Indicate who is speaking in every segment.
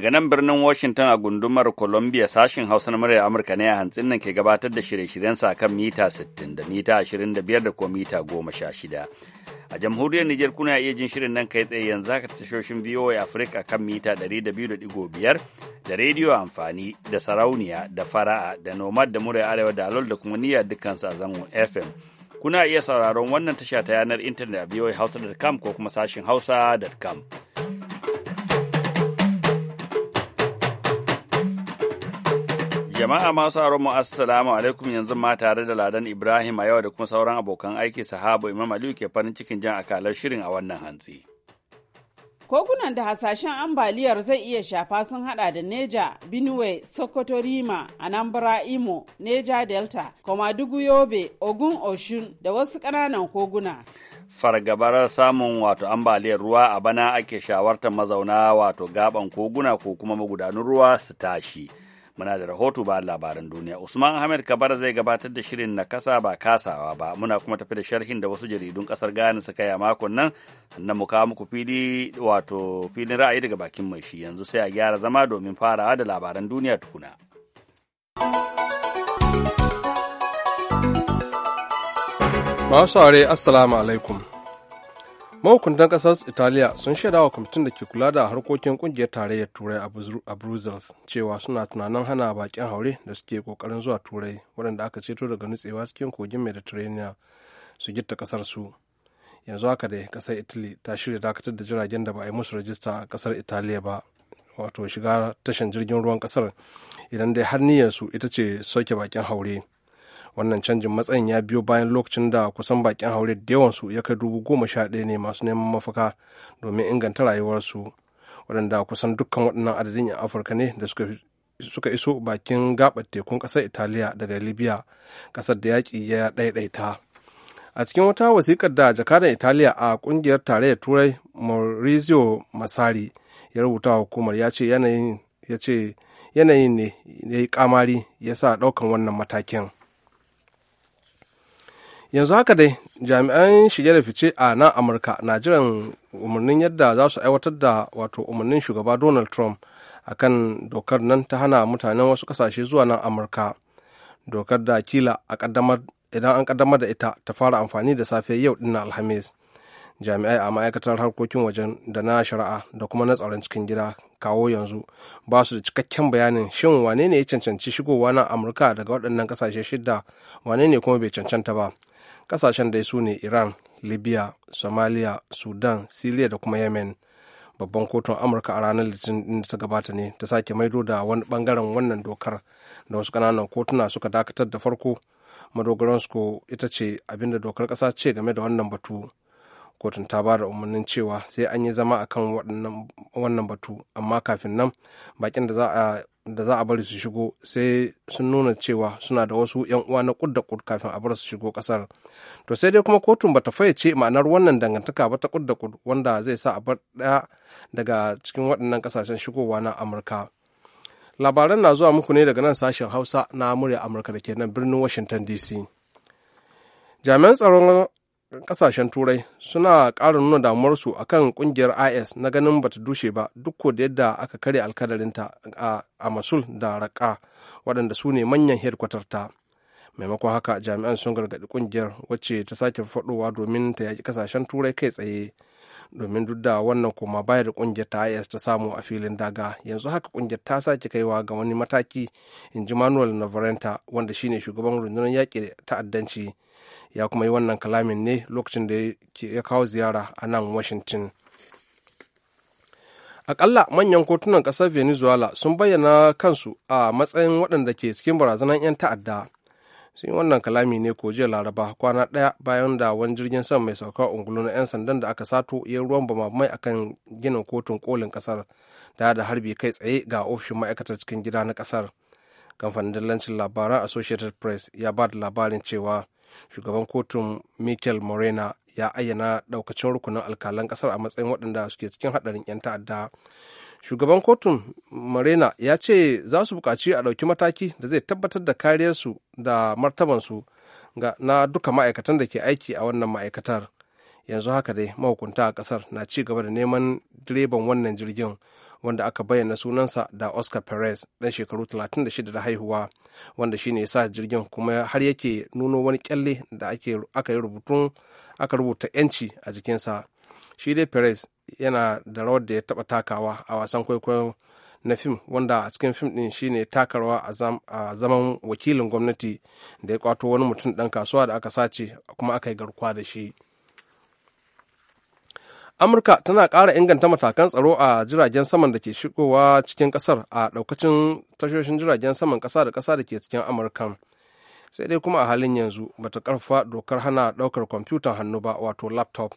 Speaker 1: Daga nan birnin Washington a gundumar Columbia sashin Hausa na muryar Amurka ne a hantsin nan ke gabatar da shirye-shiryensa a kan mita 60 da mita 25 da kuma mita 16. A jamhuriyar Nijar kuna iya jin shirin nan kai tsaye yanzu haka tashoshin VOA Africa kan mita 200.5 da rediyo amfani da sarauniya da fara'a da nomad da muryar arewa da alol da kuma niyyar dukkansu a zangon FM. Kuna iya sauraron wannan tasha ta yanar intanet a hausa.com ko kuma sashin hausa.com. Jama'a masu aron mu assalamu alaikum yanzu ma tare da Ladan Ibrahim a yau da kuma sauran abokan aiki sahabo Imam Aliyu ke farin cikin jan akalar shirin a wannan hantsi.
Speaker 2: Kogunan da hasashen ambaliyar zai iya shafa sun hada da Neja, binuwe Sokoto Rima, Anambra Imo, Neja Delta, dugu Yobe, Ogun Oshun da wasu kananan koguna.
Speaker 1: Fargabar samun wato ambaliyar ruwa a bana ake shawartar mazauna wato gaban koguna ko kuma magudanun ruwa su tashi. muna da rahoto ba labaran duniya usman ahmed kabar zai gabatar da shirin na kasa ba kasawa ba muna kuma tafi da sharhin da wasu jaridun kasar ghana suka yi a makon nan na mu muku fili wato filin ra'ayi daga bakin mai shi yanzu sai a gyara zama domin farawa da labaran duniya tukuna
Speaker 3: Masu assalamu alaikum. mahukuntan kasar italiya sun shaidawa kwamitin da ke kula da harkokin kungiyar tarayyar turai a brussels cewa suna tunanin hana bakin haure da suke kokarin zuwa turai waɗanda aka ceto daga nutsewa cikin kogin mediterranean su gita kasar su yanzu haka dai kasar italy ta shirya dakatar da jiragen da ba a yi musu rajista a kasar italiya ba wato shiga tashan jirgin ruwan kasar idan dai har niyyar su ita ce sauke bakin haure wannan canjin matsayin ya biyo bayan lokacin da kusan bakin haure da yawansu ya kai dubu goma sha ɗaya ne masu neman mafaka domin inganta rayuwarsu waɗanda kusan dukkan waɗannan adadin 'yan afirka ne da suka suka iso bakin gabar tekun ƙasar italiya daga libya ƙasar da yaƙi ya ɗaiɗaita a cikin wata wasiƙar da jakadan italiya a ƙungiyar tarayyar turai maurizio masari ya rubuta hukumar ya ce yanayin ne ya yi kamari ya sa ɗaukan wannan matakin yanzu haka dai jami'an shige da fice a nan amurka na jiran umarnin yadda za su aiwatar da wato umarnin shugaba donald trump a kan dokar nan ta hana mutanen wasu kasashe zuwa nan amurka dokar da kila idan an kaddamar da ita ta fara amfani da safe yau din alhamis jami'ai a ma'aikatar harkokin wajen da na shari'a da kuma na tsaron cikin gida kawo yanzu ba su da cikakken bayanin shin wane ne ya cancanci shigowa na amurka daga waɗannan ƙasashe shidda wane ne kuma bai cancanta ba kasashen dai su ne iran libya somalia sudan siriya da kuma yemen babban kotun amurka a ranar litinin da ta gabata ne ta sake maido da wani bangaren wannan dokar da wasu kananan kotuna suka dakatar da farko madogaransu ita ce abinda dokar kasa ce game da wannan batu kotun ta ba da umarnin cewa sai an yi zama akan wannan batu amma kafin nan bakin da za a bari su shigo sai sun nuna cewa suna da wasu yan uwa na kudda kud kafin a bar su shigo kasar to sai dai kuma kotun bata fayyace ma'anar wannan dangantaka ba ta kudda kud wanda zai sa a bar daya daga cikin waɗannan kasashen shigowa na amurka labaran na zuwa muku ne daga nan sashen hausa na murya amurka da ke nan birnin washington dc jami'an tsaron kasashen turai suna ƙara nuna damuwarsu a kan ƙungiyar is na ganin bata dushe ba duk da yadda aka karya ta a masul da raka waɗanda su ne manyan ta maimakon haka jami'an sun gargaɗi ƙungiyar wacce ta sake faɗowa domin ta yaƙi kasashen turai kai tsaye domin duk da wannan kuma baya da ƙungiyar ta is ta samu a filin daga yanzu haka ƙungiyar ta sake kaiwa ga wani mataki in ji manuel navarenta wanda shine shugaban rundunar yaƙi ta'addanci ya kuma yi wannan kalamin ne lokacin da ya kawo ziyara a nan washington akalla manyan kotunan ƙasar venezuela sun bayyana kansu a matsayin waɗanda ke cikin barazanar 'yan ta'adda sun yi wannan kalami ne ko jiya laraba kwana ɗaya bayan da wani jirgin sama mai saukar ungulu na 'yan sandan da aka sato ya ruwan mai akan ginin kotun kolin ƙasar da da harbi kai tsaye ga ofishin ma'aikatar cikin gida na ƙasar kamfanin dillancin labaran associated press ya ba da labarin cewa shugaban kotun michael morena ya ayyana daukacin rukunin alkalan kasar a matsayin waɗanda suke cikin haɗarin 'yan ta'adda shugaban kotun morena ya ce za su buƙaci a ɗauki mataki da zai tabbatar da kariyarsu da martabansu na duka ma'aikatan da ke aiki a wannan ma'aikatar yanzu haka dai mahukunta a ƙasar na ci gaba da neman direban wannan jirgin wanda aka bayyana sunansa da oscar perez ɗan shekaru 36 da haihuwa wanda shine sa jirgin kuma har yake nuno wani kyalle da aka yi rubutun aka rubuta yanci a jikinsa shi dai perez yana da rawar da ya taɓa takawa a wasan kwaikwayo na fim wanda a cikin fim din ne takarwa a zaman wakilin gwamnati da ya kwato wani mutum ɗan kasuwa da aka sace kuma aka yi garkuwa da shi. amurka tana ƙara inganta matakan tsaro a jiragen saman da ke shigowa cikin ƙasar a ɗaukacin tashoshin jiragen saman ƙasa da ƙasa da ke cikin amurka sai dai kuma a halin yanzu bata karfa dokar hana ɗaukar kwamfutan hannu ba wato laptop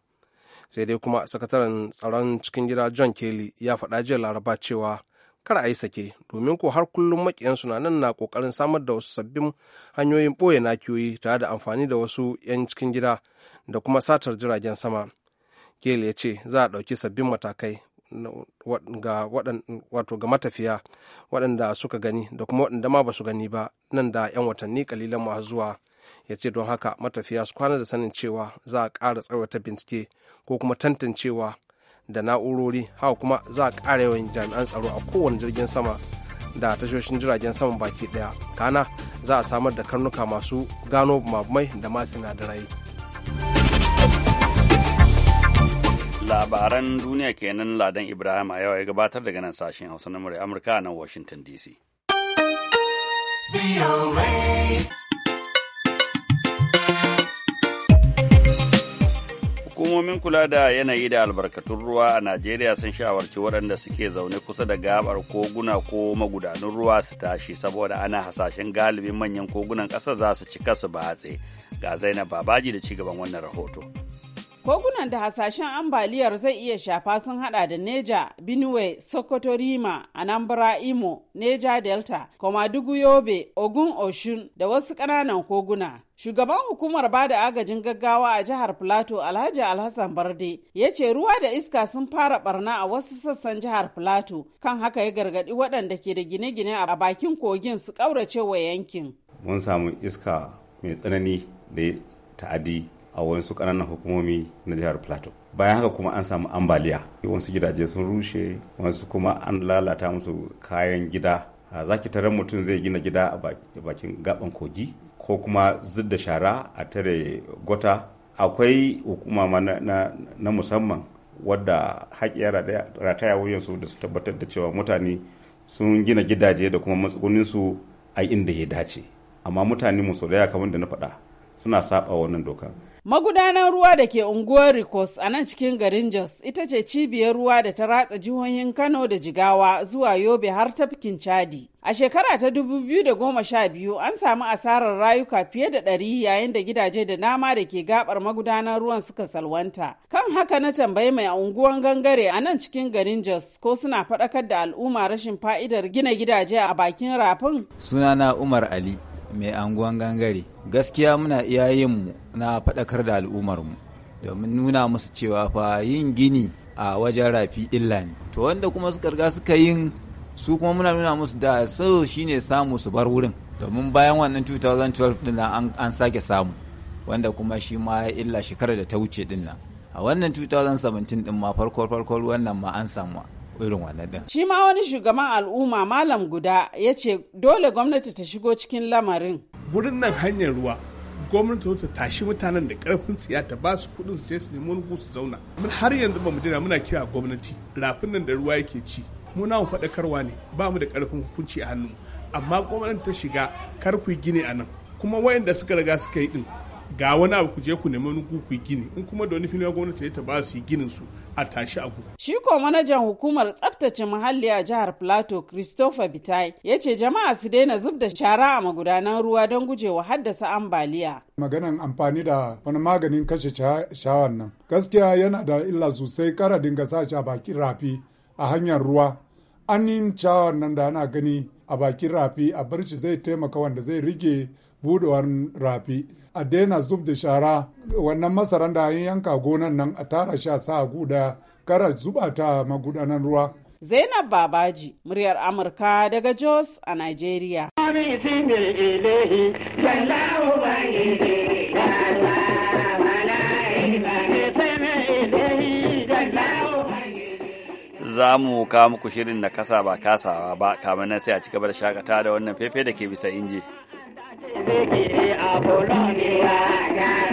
Speaker 3: sai dai kuma sakataren tsaron cikin gida john kelly ya faɗa jiya laraba cewa kar a yi sake domin ko har kullum makiyan na nan na ƙoƙarin samar da wasu sabbin hanyoyin ɓoye nakiyoyi tare da amfani da wasu 'yan cikin gida da kuma satar jiragen sama Gail ya ce za a ɗauki sabbin matakai ga matafiya waɗanda suka gani da kuma waɗanda ma ba su gani ba nan da 'yan watanni kalilan masu zuwa ya ce don haka matafiya su kwana da sanin cewa za a ƙara tsawata bincike ko kuma tantancewa da na'urori haka kuma za a ƙara yawan jami'an tsaro a kowane jirgin sama da tashoshin jiragen sama baki ɗaya kana za a samar da karnuka masu gano mamai da ma sinadarai.
Speaker 1: Labaran duniya kenan Ladan Ibrahim a yau ya gabatar daga nan sashen Hausa na murya Amurka nan Washington DC. Hukumomin kula da yanayi da albarkatun ruwa a Najeriya sun shawarci waɗanda suke zaune kusa da gabar koguna ko magudanun ruwa su tashi saboda ana hasashen galibin manyan kogunan ƙasa za su cika su batse. Ga Zainab Babaji da cigaban wannan rahoto.
Speaker 2: Kogunan da hasashen ambaliyar zai iya shafa sun hada da Neja, Benue, Sokoto Rima, Anambra Imo, Neja Delta, Dugu Yobe, Ogun Oshun da wasu ƙananan koguna. Shugaban hukumar ba da agajin gaggawa a jihar Filato Alhaji Alhassan Barde ya ce ruwa da iska sun fara barna a wasu sassan jihar Filato kan haka ya gargadi waɗanda ke da gine-gine a bakin kogin su ƙaurace wa yankin.
Speaker 4: Mun samu iska mai tsanani da ta'adi a wasu kananan hukumomi na jihar plateau bayan haka kuma an samu ambaliya wasu gidaje sun rushe wasu kuma an lalata musu kayan gida za ki tarar mutum zai gina gida a bakin gaban kogi ko kuma zub da shara a tare gwata akwai hukuma na, musamman wadda haƙiya rataya wuyansu da su tabbatar da cewa mutane sun gina gidaje da kuma matsuguninsu a inda ya dace amma mutane musulaya kamar da na faɗa suna saba wannan dokar
Speaker 2: Magudanar ruwa da ke unguwar Rikos a nan cikin garin Jos ita ce cibiyar ruwa da ta ratsa jihohin Kano da Jigawa zuwa Yobe har tafkin Chadi. A shekara ta 2012 an samu asarar rayuka fiye da ɗari yayin da gidaje da nama da ke gabar magudanar ruwan suka salwanta. Kan haka na tambayi mai unguwan gangare a nan cikin garin Jos ko suna faɗakar da al'umma rashin fa'idar gina gidaje a bakin rafin?
Speaker 5: Sunana Umar Ali mai anguwan gangare. Gaskiya muna iyayenmu na faɗakar da al'ummarmu domin nuna musu cewa fa yin gini a wajen rafi illa ne to wanda kuma suka riga suka yin su kuma muna nuna musu da so shine samu su bar wurin domin bayan wannan 2012 din an sake samu wanda kuma shi ma ya illa shekarar da ta wuce din nan a wannan 2017 din ma farko farko ruwan nan ma an samu
Speaker 2: irin wannan din. Shi ma wani shugaban al'umma malam guda ya ce dole gwamnati
Speaker 3: ta shigo cikin lamarin. Wurin nan hanyar ruwa gwamnati ta tashi mutanen da karfin tsiya ta ba su kuɗin su je su nemi wani su zauna mun har yanzu ba mu dina muna kira gwamnati rafin nan da ruwa yake ci mu na faɗakarwa ne ba mu da karfin hukunci a hannu amma gwamnati
Speaker 6: ta shiga kar ku gine a nan kuma wayanda suka riga suka yi din ga wani abu ku je ku nemi ku gini in kuma da wani filin gwamnati ta ba su yi ginin su a tashi a gudu.
Speaker 2: Shi ko manajan hukumar tsaftace muhalli a jihar Plateau Christopher Bitai ya ce jama'a su daina zub da shara a magudanan ruwa don gujewa haddasa ambaliya.
Speaker 6: Maganan amfani da wani maganin kashe shawar nan gaskiya yana da illa sosai kara dinga sa shi a bakin rafi a hanyar ruwa. an yi shawar nan da ana gani a bakin rafi a barci zai taimaka wanda zai rige budewar rafi a daina zub da shara wannan masaran da an yanka gonan nan a tara sha sa guda kara zuba ta magudanan ruwa
Speaker 2: Zainab Babaji, muryar Amurka daga Jos a Nigeria.
Speaker 1: Za mu kawo muku shirin na kasa ba kasawa ba, kamar nan sai a ci gaba da shakata da wannan fefe da ke bisa inji. Zikiri a gara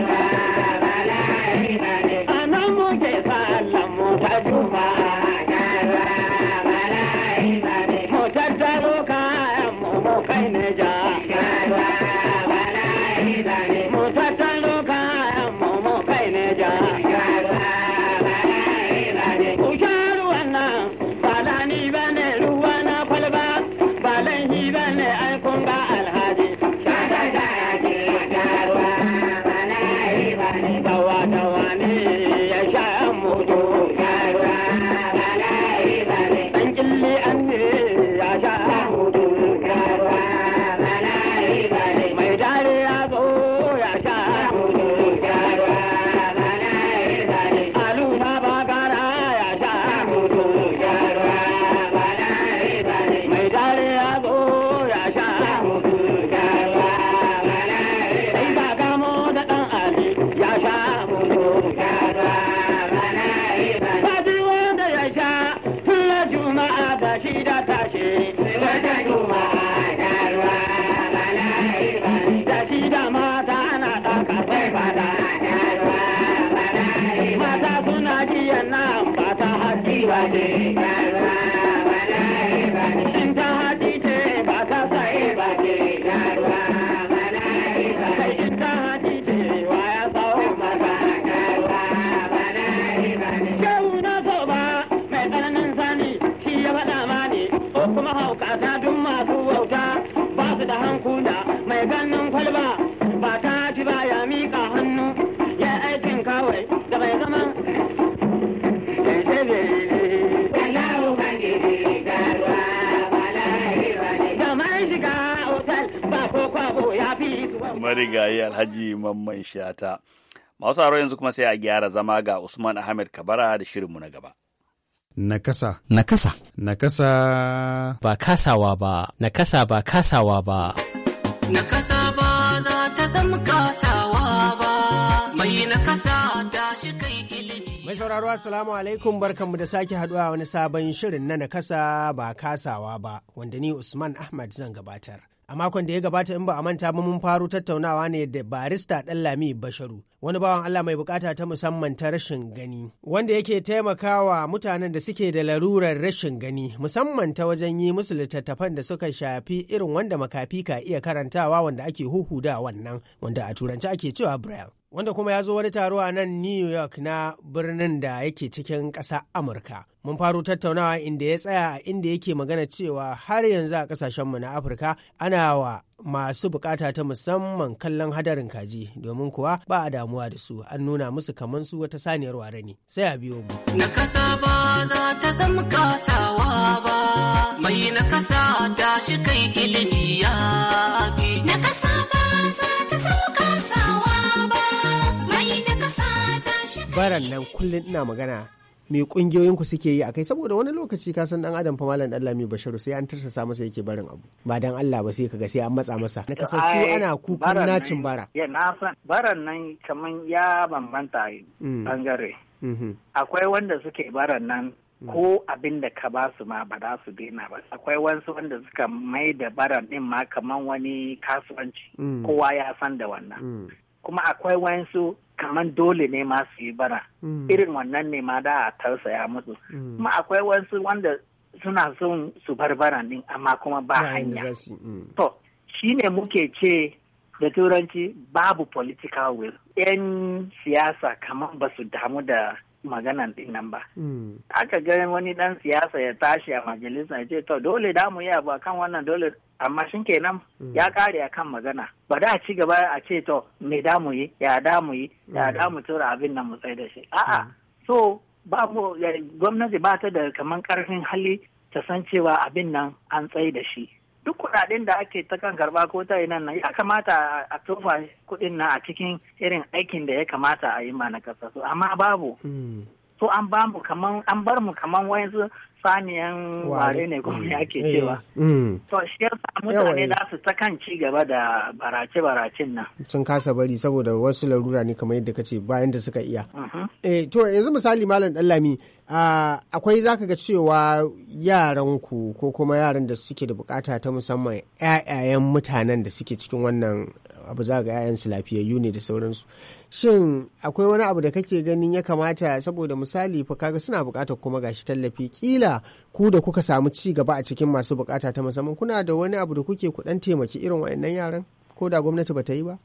Speaker 1: marigayi alhaji mamman shata masu aro yanzu kuma sai a gyara zama ga usman ahmed kabara da shirinmu na gaba nakasa
Speaker 5: nakasa nakasa ba kasawa ba nakasa ba kasawa ba
Speaker 7: nakasa ba za ta zama kasawa ba mai nakasa da shi kai
Speaker 5: ilimi mai sauraro assalamu alaikum barkanmu da sake haduwa wani sabon shirin na nakasa ba kasawa ba wanda ni usman ahmad zan gabatar a makon da ya gabata in ba a manta ba mun faro tattaunawa ne da barista lami Basharu wani bawan Allah mai bukata ta musamman ta rashin gani wanda yake taimakawa mutanen da suke da larurar rashin gani musamman ta wajen yi musu littattafan da suka shafi irin wanda makafi ka iya karantawa wanda ake huhu da wannan wanda a turanci ake cewa braille wanda kuma ya zo wani taro a nan New York na birnin da yake cikin ƙasa Amurka. Mun faru tattaunawa inda ya tsaya a inda yake magana cewa har yanzu a ƙasashenmu na Afirka ana wa masu bukata ta musamman kallon hadarin kaji domin kuwa ba a damuwa da su an nuna musu kamar su wata saniyar ware ne sai a biyo mu. Na kasa
Speaker 7: ba za ta zama ba, mai na kasa kai ilimi ya bi. Na ba za ta zama ba.
Speaker 5: baran nan kullum ina magana me kungiyoyin ku suke yi akai saboda wani lokaci ka san dan adam fa malam Allah mai basharu sai an tarsa sa masa yake barin abu ba dan Allah ba sai kaga sai an matsa masa na kasar su ana kukan nacin bara ya
Speaker 8: na san baran nan kaman ya bambanta mm. bangare mm-hmm. akwai wanda suke baran nan mm. ko abin da ka ba su ma ba za su daina ba akwai wasu wanda suka mai da baran din ma kaman wani kasuwanci mm. kowa ya san da wannan kuma akwai wasu kamar dole ne ma su yi bara hmm. irin wannan ne ma da a tausaya musu hmm. kuma akwai wasu wanda suna son su bar baran din amma kuma ba hanya hmm. to ne muke ce da turanci babu political will yan siyasa kama ba su damu da magana din nan ba. Hmm. Aka ga wani dan siyasa ya tashi a majalisa ya ce to dole da mu yi abu akan wannan dole amma shin kenan hmm. ya kare akan magana ba da ci gaba a ce to me da mu yi ya da mu yi ya hmm. da mu tura abin nan mu tsaye da shi. A'a so mu gwamnati ba ta da kaman karfin hali ta san cewa abin nan an tsaye da shi duk kuɗaɗen da ake ta kan karɓa ko ta ina nan ya kamata a tofa kuɗin nan a cikin irin aikin da ya kamata a yi ma na ƙasa amma babu
Speaker 9: so
Speaker 8: hmm. an ba mu kaman an bar mu kaman wayansu saniyan ware ne kuma ya ke cewa. Eh, mm. To shi yasa mutane za su ta kan ci gaba da barace-baracen nan.
Speaker 5: Sun kasa bari saboda wasu larura ne kamar yadda kace bayan da suka iya. Uh-huh. Eh to yanzu misali malam Dallami akwai zaka ga cewa yaran ku ko kuma yaran da suke da bukata ta musamman yayan mutanen da suke cikin wannan abu za ga 'ya'yansu lafiyayyu ne da sauransu shin akwai wani abu da kake ganin ya kamata saboda misali fa kaga suna bukatar kuma gashi tallafi kila ku da kuka samu ci gaba a cikin masu bukata ta musamman kuna da wani abu da kuke kuɗan taimaki irin waɗannan yaran ko da gwamnati ba ta yi ba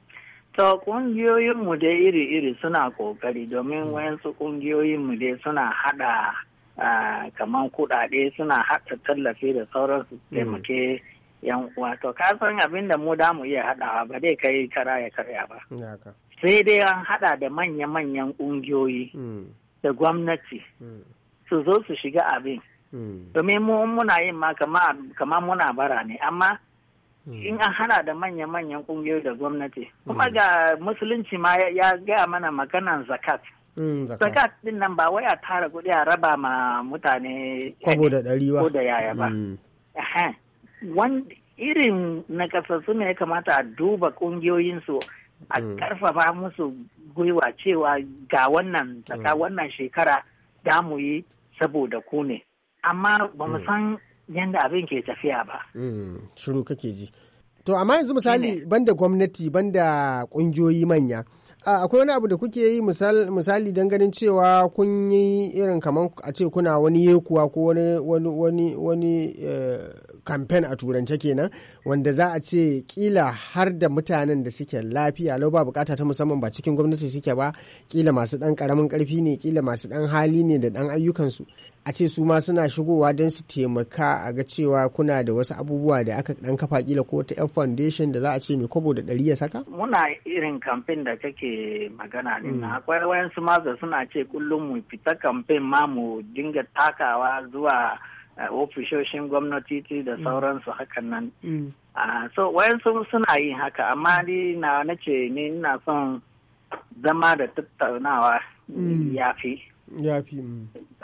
Speaker 8: To mu dai iri-iri suna kokari domin wayansu mu dai suna haɗa ah, kamar kuɗaɗe suna haɗa tallafi da sauransu hmm. taimake yan uwa to ka san abin da mu da mu iya haɗawa ba dai kai kara ya karya ba sai dai an haɗa da manya-manyan ƙungiyoyi hmm. da gwamnati hmm. su zo su shiga abin hmm. domin mu muna yin ma kama muna bara ne amma in an hada da manya-manyan kungiyoyi da gwamnati kuma ga musulunci ma ya gaya mana maganan zakat zakat din nan ba waya tara kuɗi a raba ma mutane
Speaker 5: kwabo ba ko da yaya ba
Speaker 8: irin na kasassu ne ya kamata a duba ƙungiyoyinsu a mm. ƙarfafa musu gwiwa cewa ga wannan tsaka mm. wannan shekara da yi saboda ku ne amma ba mu mm. san yadda abin ke tafiya ba.
Speaker 5: Shiru kake ji. To amma yanzu misali banda gwamnati banda ƙungiyoyi manya. akwai wani abu da kuke yi misali don ganin cewa kun yi irin kamar a ce kuna wani yekuwa ko wani kamfen eh, a turance kenan wanda za a ce kila har da mutanen da suke lafiya lau ba bukata ta musamman ba cikin gwamnati suke ba kila masu dan karamin karfi ne kila masu dan hali ne da dan ayyukansu a ce su ma suna shigowa don su taimaka a ga cewa kuna da wasu abubuwa da aka dan kafa kila ko ta yan foundation da za a ce mai kobo da ɗari ya saka?
Speaker 8: Muna irin kamfen da kake magana ne na mm. akwai wayan su da suna ce kullum mu fita kamfen ma mu dinga takawa zuwa eh, ofishoshin gwamnati da mm. sauransu hakan nan. Mm. Ah, so wayan su suna yi haka amma ni na nace ni ina son zama da tattaunawa ya fi. ya fi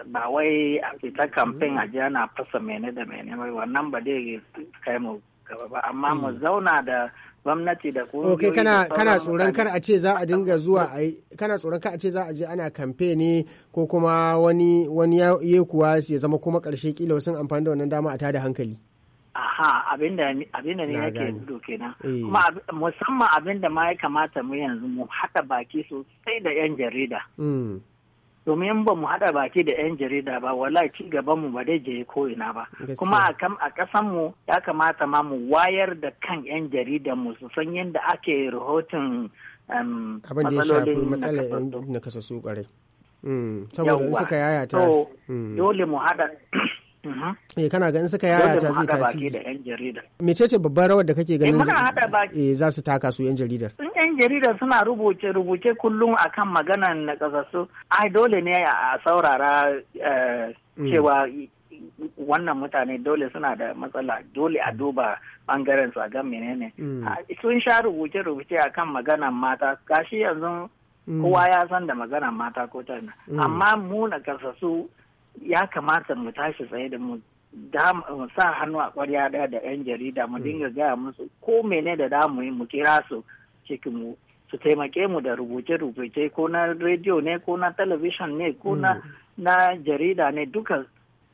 Speaker 8: ba wai a fita kamfen a jiya na fasa mene da mene mai wannan ba dai kai mu gaba ba amma mu hmm. zauna da gwamnati da kuma okay kana kana tsoron kar
Speaker 5: a ce za a dinga zuwa a kana tsoron kar a ce za a je ana kamfe ne ko kuma wani wani ya kuwa ya zama kuma karshe kila wasu amfani da wannan dama a tada hankali
Speaker 8: aha abinda abinda ne yake gudu kenan eh. kuma musamman abinda ma ya kamata mu yanzu mu haɗa baki sosai da yan jarida hmm. domin ba mu haɗa baki da 'yan jarida ba wala ci gaban mu ba dai je ko ina ba kuma a kasan mu ya kamata ma mu wayar da kan 'yan jarida mu su san yadda ake rahoton abin da ya shafi matsalar
Speaker 5: na su kwarai saboda in suka yaya ta mm. dole
Speaker 8: mu haɗa Mm-hmm.
Speaker 5: eh kana ganin suka yaya zai tasiri
Speaker 8: da yan jarida
Speaker 5: rawar da kake ganin eh, eh za su taka su yan jaridar
Speaker 8: yan jaridar suna rubuce rubuce kullum akan maganan na kasassu ai dole ne a saurara eh, mm. cewa wannan mutane dole suna da matsala dole a duba bangaren su a gan menene mm. ah, sun sha rubuce rubuce akan maganan mata gashi yanzu mm. kowa ya san da maganar mata ko tana amma mu na kasasu ya kamata mu tashi tsaye da mu mu sa hannu a kwarya daya da 'yan jarida mu dinga mm. gaya musu ko mene da damu yi mu kira su ciki mu su taimake mu da rubuce-rubuce ko na rediyo ne ko na talabishin ne ko na mm. na jarida ne duka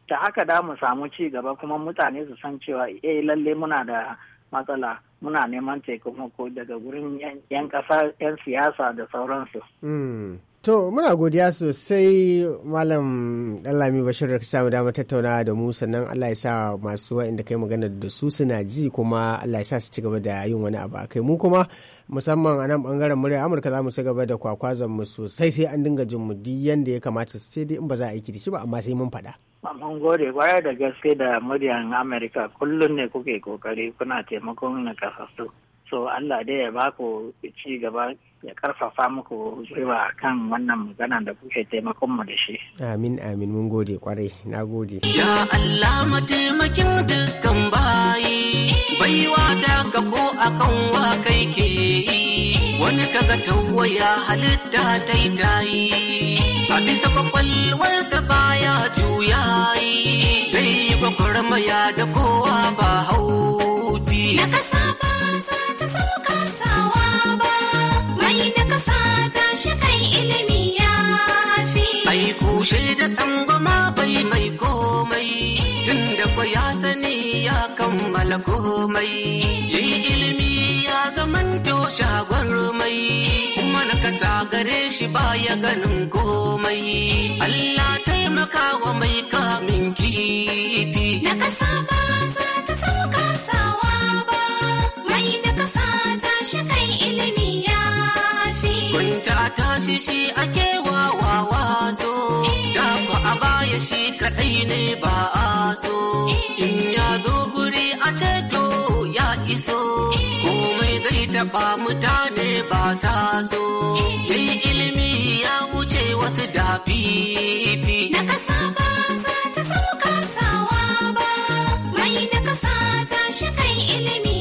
Speaker 8: ta haka da mu samu ci gaba kuma mutane su san cewa eh lalle muna da matsala muna neman taimako daga gurin 'yan kasa 'yan siyasa da sauransu.
Speaker 5: Mm. To muna godiya sosai Malam Dallami Bashir da samu damar tattauna da mu sannan Allah ya sa masu wa'inda kai magana da su suna ji kuma Allah ya sa su ci gaba da yin wani abu akai mu kuma musamman a nan bangaren murya Amurka za mu ci gaba da kwakwazon mu sosai sai an dinga jin mu yanda ya kamata sai dai in ba za a aiki da shi ba amma sai mun faɗa.
Speaker 8: Mun gode kwaya da gaske da muryan Amurka kullum ne kuke kokari kuna taimakon na kasassu. So Allah dai ya baku ci gaba ya karfafa muku gwiwa kan wannan magana da kuke taimakon mu da shi.
Speaker 5: Amin amin mun gode kwarai na gode. Ya
Speaker 7: Allah mataimakin dukkan bayi baiwa da ka ko akan wa kai ke yi wani kaga tawaya halitta tayi. a bisa kwakwalwarsa baya juyayi zai yi gwagwarmaya da kowa ba hau Na kasa ba za ta sauka sawa. matasa ta shi kai ilimi ya fi. Ai da shaida ɗan bai mai komai, tunda ko ya sani ya kammala komai. Yayi ilimi ya zamanto shagon mai, kuma na kasa gare shi baya ganin komai. Allah taimaka wa mai kamin kifi. Na kasa ba za ta sauka sawa ba, mai da kasa ta shi kai ilimi. tashi shi ake wawa zo da ku a baya shi kaɗai ne ba a zo in ya zo guri a ceto ya iso komai zai taɓa mutane ba sa so dai ilimi ya wuce wasu da fifi na kasa ba za ta sauka sawa ba mai na kasa ta shi kai ilimi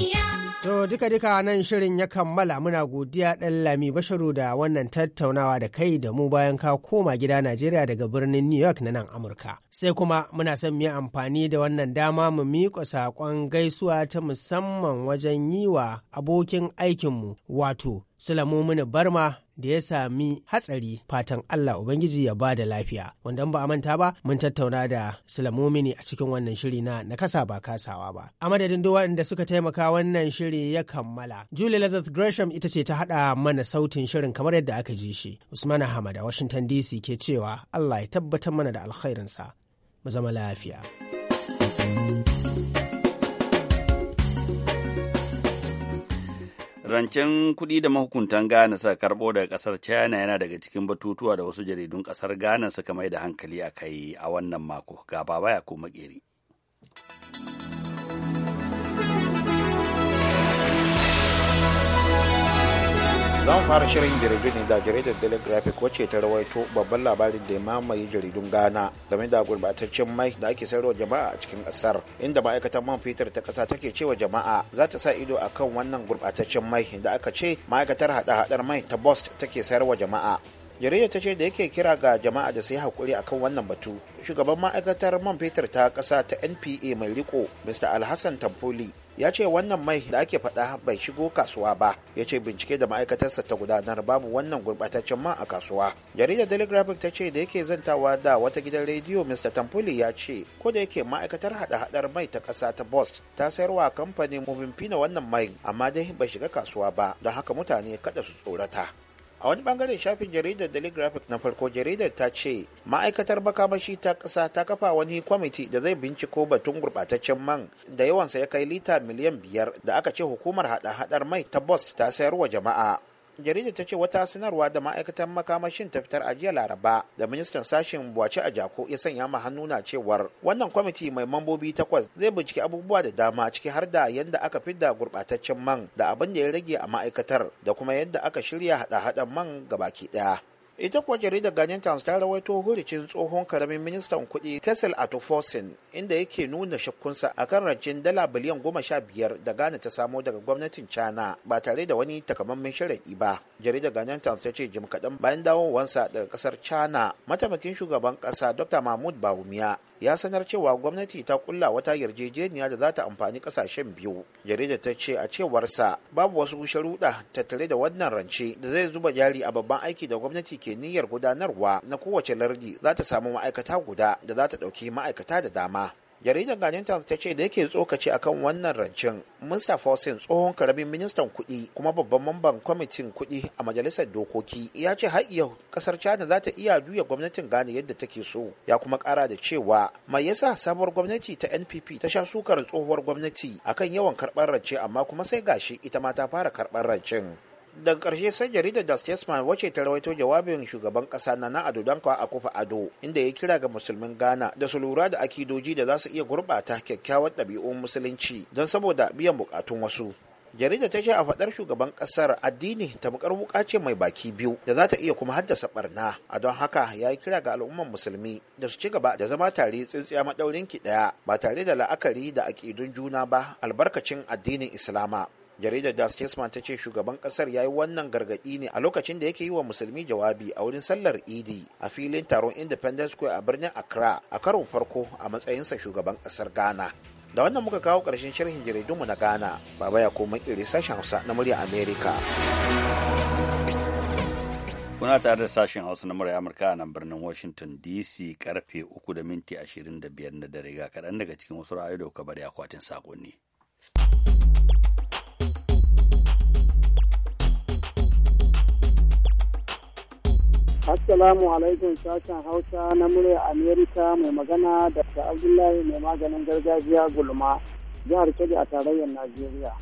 Speaker 5: duka-duka nan shirin ya kammala muna godiya ɗan Lami Basharu da wannan tattaunawa da kai da mu bayan ka koma gida Najeriya daga birnin New York na nan Amurka. Sai kuma muna son mu amfani da wannan dama mu miƙa saƙon gaisuwa ta musamman wajen yi wa abokin aikinmu wato Sulamumini Barma da ya sami hatsari fatan Allah Ubangiji ya ba da lafiya wanda ba a manta ba mun tattauna da Sulamomini a cikin wannan shiri na na kasa ba kasawa ba a madadin duk waɗanda suka taimaka wannan shiri ya kammala Julie Lazarus Gresham ita ce ta haɗa mana sautin shirin kamar yadda aka ji shi Usman Hamada a Washington DC ke cewa Allah ya tabbatar mana da alkhairinsa mu zama lafiya. thank you
Speaker 1: Rancen kuɗi da mahukuntan Ghana suka karɓo daga ƙasar China yana daga cikin batutuwa da wasu jaridun ƙasar Ghana suka mai da hankali a kai a wannan mako. Ga baba ya kuma ƙeri.
Speaker 4: za mu fara shirin jaridu ne da jaridar telegraphic graphic wacce ta rawaito babban labarin da ya mamaye jaridun ghana game da gurbataccen mai da ake sayarwa jama'a a cikin kasar inda ma'aikatan man fetur ta kasa take cewa jama'a za ta sa ido a kan wannan gurbataccen mai da aka ce ma'aikatar hada-hadar mai ta bost take sayarwa jama'a jaridar ta ce da yake kira ga jama'a da su yi hakuri akan wannan batu shugaban ma'aikatar man fetur ta kasa ta npa mai riko mr alhassan tamfoli ya ce wannan mai da ake faɗa bai shigo kasuwa ba ya ce bincike da ma'aikatarsa ta gudanar babu wannan gurɓataccen man a kasuwa jaridar telegraphic ta ce da yake zantawa da wata gidan rediyo mr tampoli ya ce ko da yake ma'aikatar haɗa-haɗar mai ta ƙasa ta bost ta sayarwa kamfanin movin pina wannan mai amma dai bai shiga kasuwa ba don haka mutane kada su tsorata a wani bangaren shafin jaridar daily graphic na farko jaridar ta ce ma'aikatar makamashi ta ƙasa ta kafa wani kwamiti da zai binciko batun gurɓataccen man da yawansa ya kai lita miliyan biyar da aka ce hukumar hada-hadar mai ta bos ta sayar wa jama'a jaridar ta ce wata sanarwa da ma'aikatan makamashin ta fitar a jiya laraba da ministan sashen buwace a jako ya sanya ma hannu na cewar wannan kwamiti mai mambobi takwas zai binciki abubuwa da dama ciki har da yadda aka fi da gurbataccen man da abin da ya rage a ma'aikatar da kuma yadda aka shirya hada-hadan man gabaki daya ita kuwa jaridar Ghanaian Times ta rawaito huricin tsohon karamin ministan kudi Kessel atoforsen inda yake nuna shakkunsa a kan rancen dala biliyan goma sha biyar da Ghana ta samo daga gwamnatin China ba tare da wani takamammen sharaɗi ba. Jaridar Ghanaian Times ta ce jim kaɗan bayan dawowansa daga ƙasar China mataimakin shugaban ƙasa Dr. Mahmud bahumia ya sanar cewa gwamnati ta kulla wata yarjejeniya da za ta amfani ƙasashen biyu. Jaridar ta ce a cewarsa babu wasu sharuɗa tattare da wannan rance da zai zuba jari a babban aiki da gwamnati ke niyyar gudanarwa na kowace lardi za ta samu ma'aikata guda da za ta ɗauki ma'aikata da dama jaridar Ghanaian Times ta ce da yake tsokaci akan wannan rancen Mr. Fosin tsohon karamin ministan kuɗi kuma babban mamban kwamitin kuɗi a majalisar dokoki ya ce har yau kasar China za ta iya juya gwamnatin Ghana yadda take so ya kuma ƙara da cewa mai yasa sabuwar gwamnati ta NPP ta sha sukar tsohuwar gwamnati akan yawan karɓar rance amma kuma sai gashi ita ma ta fara karɓar rancen daga ƙarshe sai jaridar da statesman wacce ta rawaito jawabin shugaban ƙasa na na ado kawa a kufa ado inda ya kira ga musulmin ghana da su lura da akidoji da za su iya gurɓata kyakkyawan ɗabi'un musulunci don saboda biyan buƙatun wasu jarida ta ce a faɗar shugaban ƙasar addini tamkar wuƙa ce mai baki biyu da za ta iya kuma haddasa ɓarna a don haka ya yi kira ga al'umman musulmi da su ci gaba da zama tare tsintsiya maɗaurin ki ɗaya ba tare da la'akari da aƙidun juna ba albarkacin addinin islama jaridar das kisman ta ce shugaban kasar ya yi wannan gargaɗi ne a lokacin da yake yi wa musulmi jawabi a wurin sallar idi a filin taron independence square a birnin accra a karo farko a matsayinsa shugaban kasar ghana da wannan muka kawo karshen sharhin jaridunmu na ghana baba ya koma kiri sashen hausa na murya america
Speaker 1: kuna tare da sashen hausa na murya amurka a nan birnin washington dc karfe 3 da minti 25 na dare ga kaɗan daga cikin wasu ra'ayoyi da kuka bari akwatin sakonni.
Speaker 10: Assalamu alaikum sashen Hausa na murya Amerika mai magana da Abdullahi mai maganin gargajiya gulma jihar Kebbi a tarayyar Najeriya.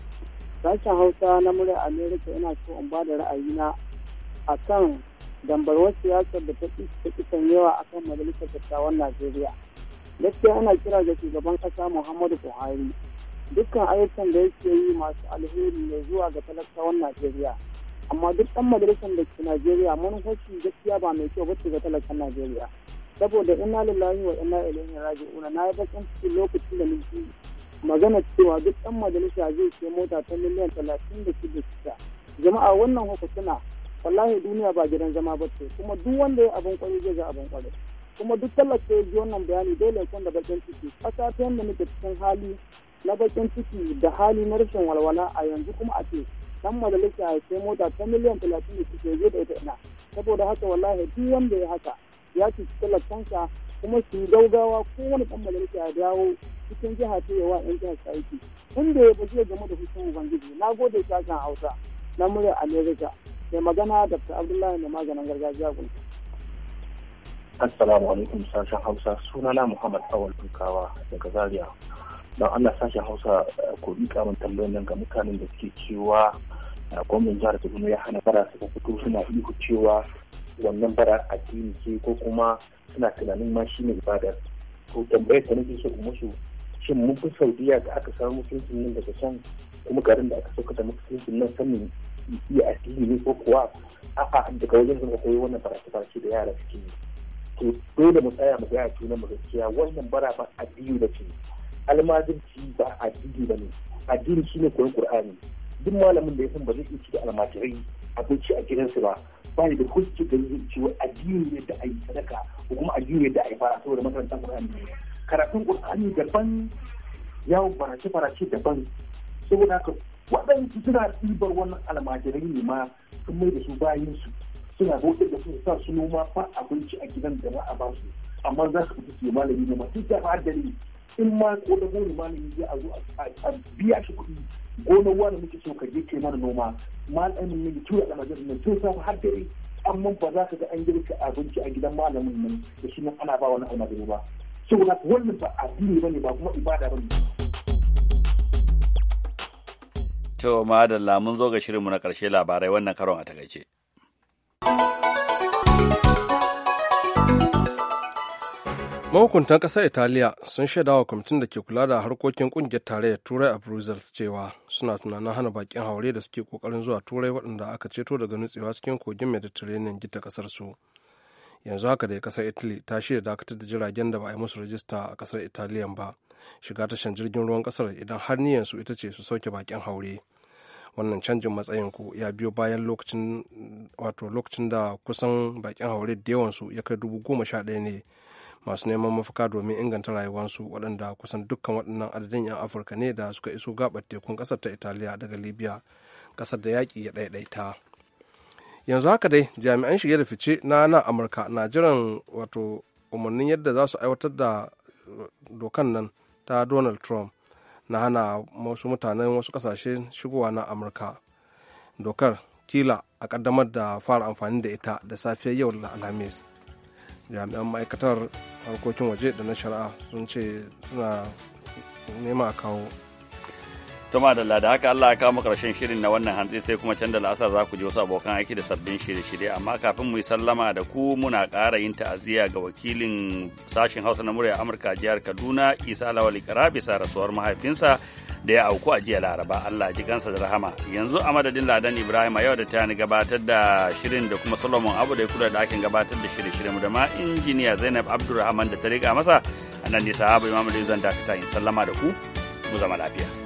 Speaker 10: Sashen Hausa na murya Amerika yana so in ba da ra'ayina a kan dambarwar siyasar da ta kisan yawa akan kan majalisar dattawan Najeriya. Gaskiya ana kira ga shugaban ƙasa Muhammadu Buhari dukkan ayyukan da yake yi masu alheri ne zuwa ga talakawan Najeriya. amma duk ɗan majalisar da ke najeriya manufofi gaskiya ba mai kyau bace ga talakan najeriya saboda ina lillahi wa ina ilaihi raji'una na yi bakin cikin lokacin da nake magana cewa duk ɗan majalisa zai ce mota ta miliyan talatin da shida shida jama'a wannan hukuntuna wallahi duniya ba gidan zama ba ce kuma duk wanda ya abin kwari zai ga abin kwari. kuma duk tallata ya ji wannan bayani dole kun da bakin ciki ƙasa ta yadda muke cikin hali na bakin ciki da hali na rashin walwala a yanzu kuma a ce dan majalisa sai mota ta miliyan talatin da suke zai da ita ina saboda haka wallahi duk wanda ya haka ya ci talakansa kuma su gaugawa kowane dan majalisa ya dawo cikin jiha ta yawa yan jihar ta aiki inda ya bazu ya gama da hutun ubangiji na gode sashen hausa na murya america mai magana dr abdullahi mai maganin gargajiya gun
Speaker 6: assalamu alaikum sashen hausa sunana muhammad awal dukawa daga zaria don ana sashen hausa ko bi tallon nan ga mutanen da suke cewa eh, gwamnan jihar kaduna ya hana bara su fito suna ihu cewa wannan bara addini ce ko kuma suna tunanin ma shi ne ibada ko tambayar ta nake so musu shin mun fi saudiya da aka samu mutuncin nan daga can kuma garin da aka sauka da mutuncin nan sanin iya addini ne ko kuwa a'a daga wajen sun koyi wannan barace-barace da yara suke yi to dole mu tsaya mu gaya tunan mu gaskiya wannan bara ba addini da ce almajirci ba addini ba ne addini shi ne koyon qur'ani duk malamin da ya san ba zai ci da almajirai abinci a gidansu ba ba da hujji da zai ci addini ne da a sadaka ko kuma addini ne da a yi fara saboda makarantar qur'ani karatun qur'ani daban yawon farace farace daban saboda haka waɗansu suna ɗibar wannan almajirai ne ma sun mai da su bayan su suna bautar da su sa su noma fa abinci a gidan da ba a ba amma za su fi su malami ne ma duk da ba in ma gonar ma malami ya a zo a biya shi kuɗi gonar da muke so ka je ke mana noma malamin ne tura da majalis nan tun har dare amma ba za ka ga an girka abinci a gidan malamin nan da shi nan ana ba wani almajiri ba saboda wannan ba addini bane ba kuma ibada ba ne.
Speaker 1: to madalla mun zo ga shirinmu na karshe labarai wannan karon a takaice.
Speaker 3: mahukuntan ƙasar italiya sun shaidawa kwamitin da ke kula da harkokin ƙungiyar tarayyar turai a brussels cewa suna tunanin hana bakin haure da suke kokarin zuwa turai waɗanda aka ceto daga nutsewa cikin kogin mediterranean gita ƙasar su yanzu haka da kasar italy ta shirya dakatar da jiragen da ba a yi musu rajista a kasar italiyan ba shiga tashan jirgin ruwan ƙasar idan har su ita ce su sauke bakin haure wannan canjin matsayin ku ya biyo bayan lokacin wato lokacin da kusan bakin haure da yawansu ya kai dubu goma sha ɗaya ne masu neman mafaka domin inganta rayuwarsu waɗanda kusan dukkan waɗannan adadin 'yan afirka ne da suka iso gabar tekun ƙasar ta italiya daga libya ƙasar da yaƙi ya ɗaiɗaita yanzu haka dai jami'an shige da fice na nan amurka na jiran wato umarnin yadda za su aiwatar da uh, dokan nan ta donald trump na hana wasu mutanen wasu ƙasashe shigowa na amurka dokar kila a ƙaddamar da fara amfani da ita da safiyar yau alhamis jami'an ma'aikatar harkokin waje da na shari'a sun ce suna nema a kawo
Speaker 1: Tuma da lada haka Allah ya kawo karshen shirin na wannan hantsi sai kuma can da la'asar za ku je wasu abokan aiki da sabbin shirye-shirye amma kafin mu yi sallama da ku muna ƙara yin ta'aziyya ga wakilin sashen Hausa na murya Amurka jihar Kaduna Isa alawali Kara bisa rasuwar mahaifinsa da ya auku a jiya Laraba Allah ji gansa da rahama yanzu a madadin Ladan Ibrahim a yau da ta gabatar da shirin da kuma Solomon Abu da ya kula da aikin gabatar da shirye mu da ma injiniya Zainab Abdulrahman da ta riga masa a nan ne sahaba Imam da zan dakata yin sallama da ku mu zama lafiya.